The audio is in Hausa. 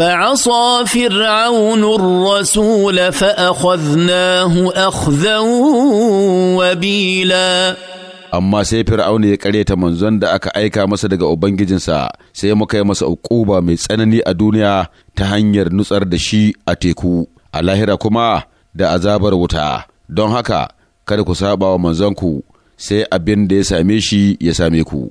فعصى فرعون الرسول فأخذناه أخذا وبيلا amma sai fir'auna ya kareta manzon da aka aika masa daga ubangijinsa sai muka yi masa ƙuba mai tsanani a duniya ta hanyar nutsar da shi a teku a lahira kuma da azabar wuta don haka kada ku saba wa ku sai abin da ya same shi ya same ku